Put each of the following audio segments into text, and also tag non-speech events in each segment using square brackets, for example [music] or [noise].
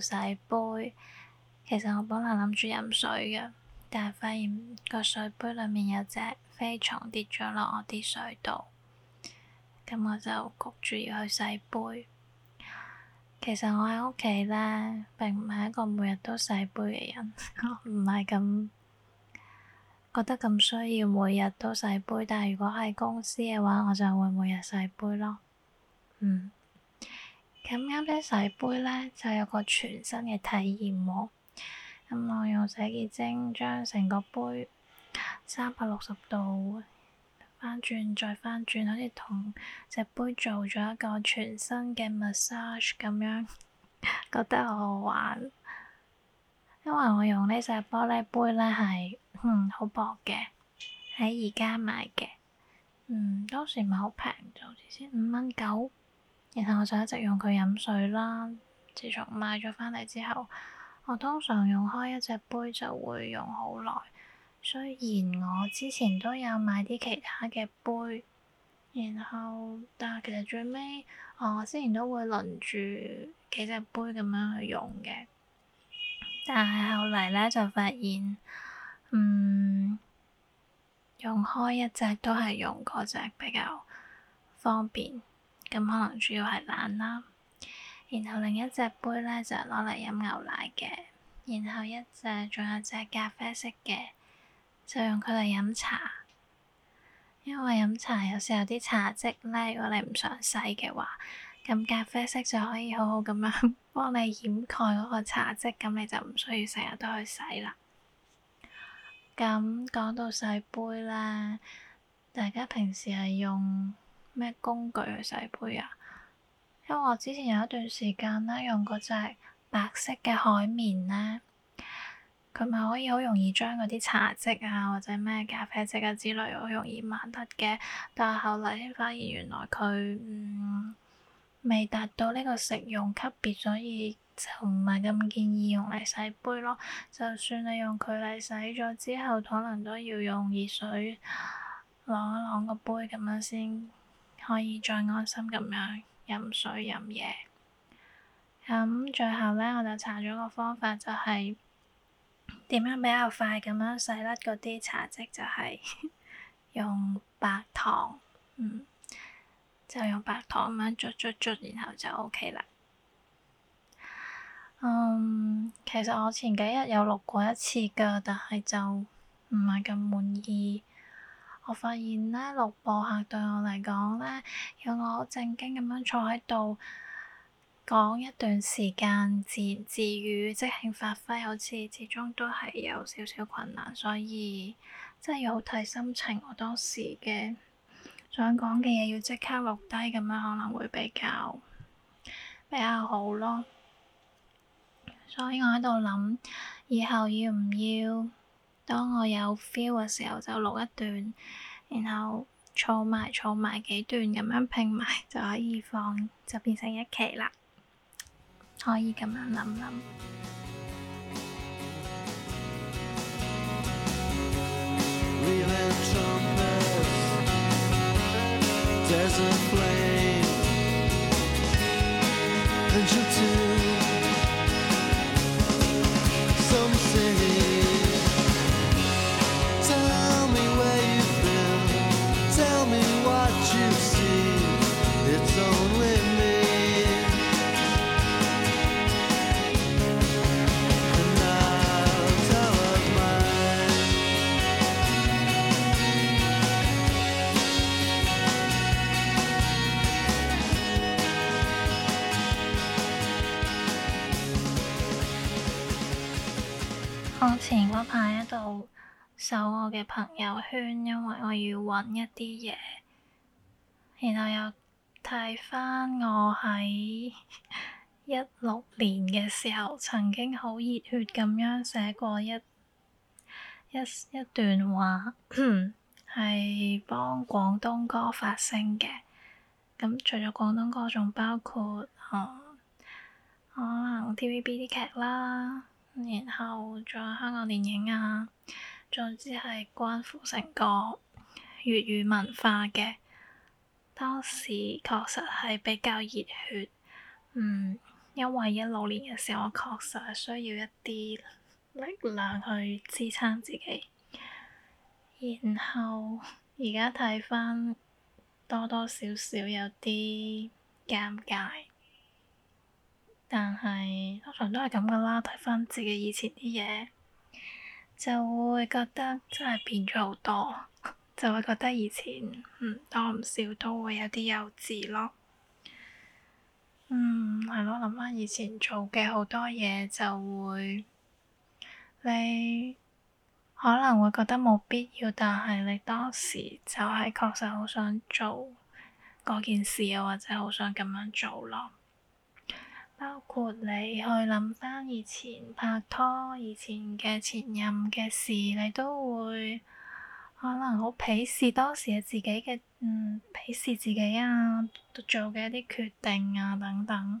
洗杯，其實我本來諗住飲水嘅，但係發現個水杯裏面有隻飛蟲跌咗落我啲水度，咁我就焗住要去洗杯。其實我喺屋企咧，並唔係一個每日都洗杯嘅人，我唔係咁覺得咁需要每日都洗杯。但係如果喺公司嘅話，我就會每日洗杯咯。嗯。咁啱呢洗杯咧，就有個全新嘅體驗喎。咁、嗯、我用洗潔精將成個杯三百六十度翻轉再翻轉，好似同隻杯做咗一個全新嘅 massage 咁樣， [laughs] 覺得好好玩。因為我用呢隻玻璃杯咧係，嗯，好薄嘅，喺而家買嘅。嗯，當時咪好平，就先五蚊九。然後我就一直用佢飲水啦。自從買咗翻嚟之後，我通常用開一隻杯就會用好耐。雖然我之前都有買啲其他嘅杯，然後但係其實最尾我之前都會輪住幾隻杯咁樣去用嘅。但係後嚟咧就發現，嗯，用開一隻都係用嗰隻比較方便。咁可能主要係懶啦，然後另一隻杯咧就係攞嚟飲牛奶嘅，然後一隻仲有隻咖啡色嘅，就用佢嚟飲茶。因為飲茶有時候啲茶漬咧，如果你唔想洗嘅話，咁咖啡色就可以好好咁樣幫你掩蓋嗰個茶漬，咁你就唔需要成日都去洗啦。咁講到洗杯咧，大家平時係用咩工具去洗杯啊？因為我之前有一段時間咧，用嗰隻白色嘅海綿咧，佢咪可以好容易將嗰啲茶漬啊，或者咩咖啡漬啊之類，好容易抹得嘅。但係後嚟先發現原來佢嗯未達到呢個食用級別，所以就唔係咁建議用嚟洗杯咯。就算你用佢嚟洗咗之後，可能都要用熱水晾一晾個杯咁樣先。可以再安心咁樣飲水飲嘢。咁、嗯、最後咧，我就查咗個方法，就係、是、點樣比較快咁樣洗甩嗰啲茶漬，就係用白糖，嗯，就用白糖咁樣捽捽捽，然後就 OK 啦。嗯，其實我前幾日有錄過一次㗎，但係就唔係咁滿意。我發現咧，錄播客對我嚟講咧，要我好正經咁樣坐喺度講一段時間自言自語、即興發揮，好似始終都係有少少困難，所以真係要好睇心情。我當時嘅想講嘅嘢要即刻錄低咁樣，可能會比較比較好咯。所以我喺度諗，以後要唔要？當我有 feel 嘅時候，就錄一段，然後儲埋儲埋幾段，咁樣拼埋，就可以放，就變成一期啦。可以咁樣諗諗。前嗰排一度搜我嘅朋友圈，因為我要揾一啲嘢。然後又睇翻我喺一六年嘅時候，曾經好熱血咁樣寫過一一一段話，係幫廣東歌發聲嘅。咁除咗廣東歌，仲包括、嗯、可能 TVB 啲劇啦～然後仲有香港電影啊，總之係關乎成個粵語文化嘅，當時確實係比較熱血。嗯，因為一六年嘅時候，我確實係需要一啲力量去支撐自己。然後而家睇返，多多少少有啲尷尬。但係通常都係咁噶啦，睇翻自己以前啲嘢，就會覺得真係變咗好多，就會覺得以前唔、嗯、多唔少都會有啲幼稚咯。嗯，係咯，諗翻以前做嘅好多嘢，就會你可能會覺得冇必要，但係你當時就係確實好想做嗰件事，又或者好想咁樣做咯。包括你去諗翻以前拍拖、以前嘅前任嘅事，你都會可能好鄙視當時嘅自己嘅，嗯，鄙視自己啊，做嘅一啲決定啊等等。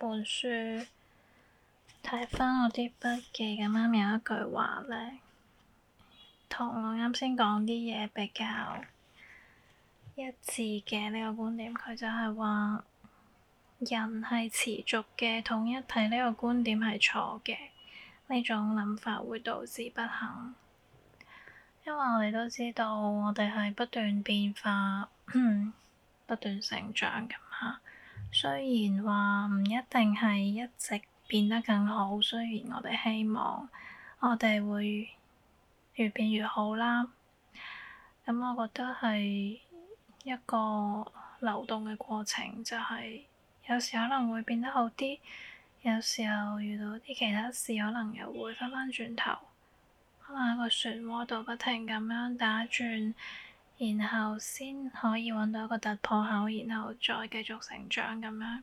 本書睇返我啲筆記，咁啱有一句話咧，同我啱先講啲嘢比較一致嘅呢個觀點，佢就係話人係持續嘅統一體呢個觀點係錯嘅，呢種諗法會導致不幸，因為我哋都知道，我哋係不斷變化、 [coughs] 不斷成長嘅。雖然話唔一定係一直變得更好，雖然我哋希望我哋會越變越好啦。咁我覺得係一個流動嘅過程，就係、是、有時可能會變得好啲，有時候遇到啲其他事，可能又會返返轉頭，可能喺個漩渦度不停咁樣打轉。然後先可以揾到一個突破口，然後再繼續成長咁樣。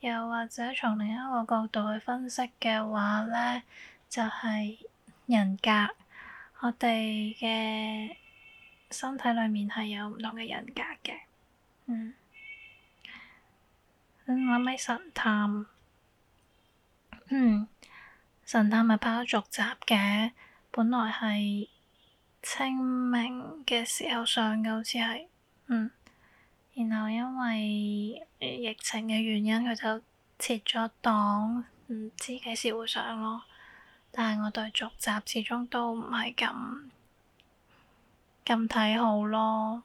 又或者從另一個角度去分析嘅話咧，就係人格。我哋嘅身體裏面係有唔同嘅人格嘅。嗯。嗯。我諗起神探。嗯。神探咪拍咗續集嘅，本來係。清明嘅時候上嘅好似係，嗯。然後因為疫情嘅原因，佢就撤咗檔，唔知幾時會上咯。但係我對續集始終都唔係咁咁睇好咯。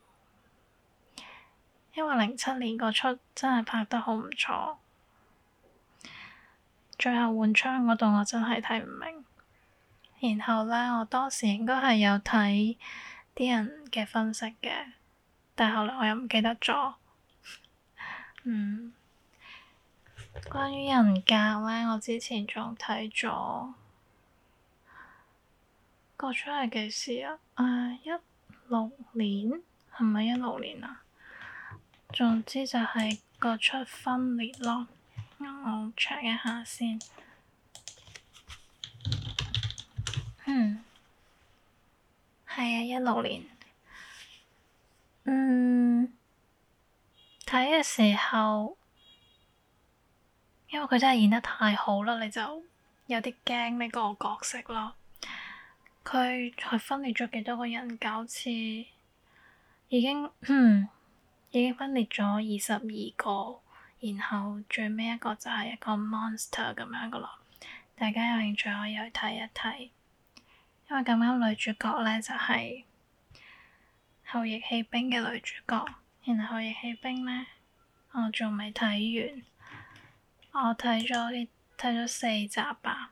因為零七年嗰出真係拍得好唔錯，最後換槍嗰度我真係睇唔明。然後咧，我當時應該係有睇啲人嘅分析嘅，但係後來我又唔記得咗。嗯，關於人格咧，我之前仲睇咗，嗰出係幾時啊？唉、呃，一六年？係咪一六年啊？總之就係嗰出分裂咯，我 check 一下先。係啊，一六年。嗯，睇嘅時候，因為佢真係演得太好啦，你就有啲驚呢個角色咯。佢係分裂咗幾多個人？好似已經、嗯、已經分裂咗二十二個，然後最尾一個就係一個 monster 咁樣噶咯。大家有興趣可以去睇一睇。因為咁啱女主角咧，就係、是，後翼棄兵嘅女主角，然後後翼棄兵咧，我仲未睇完，我睇咗睇咗四集吧。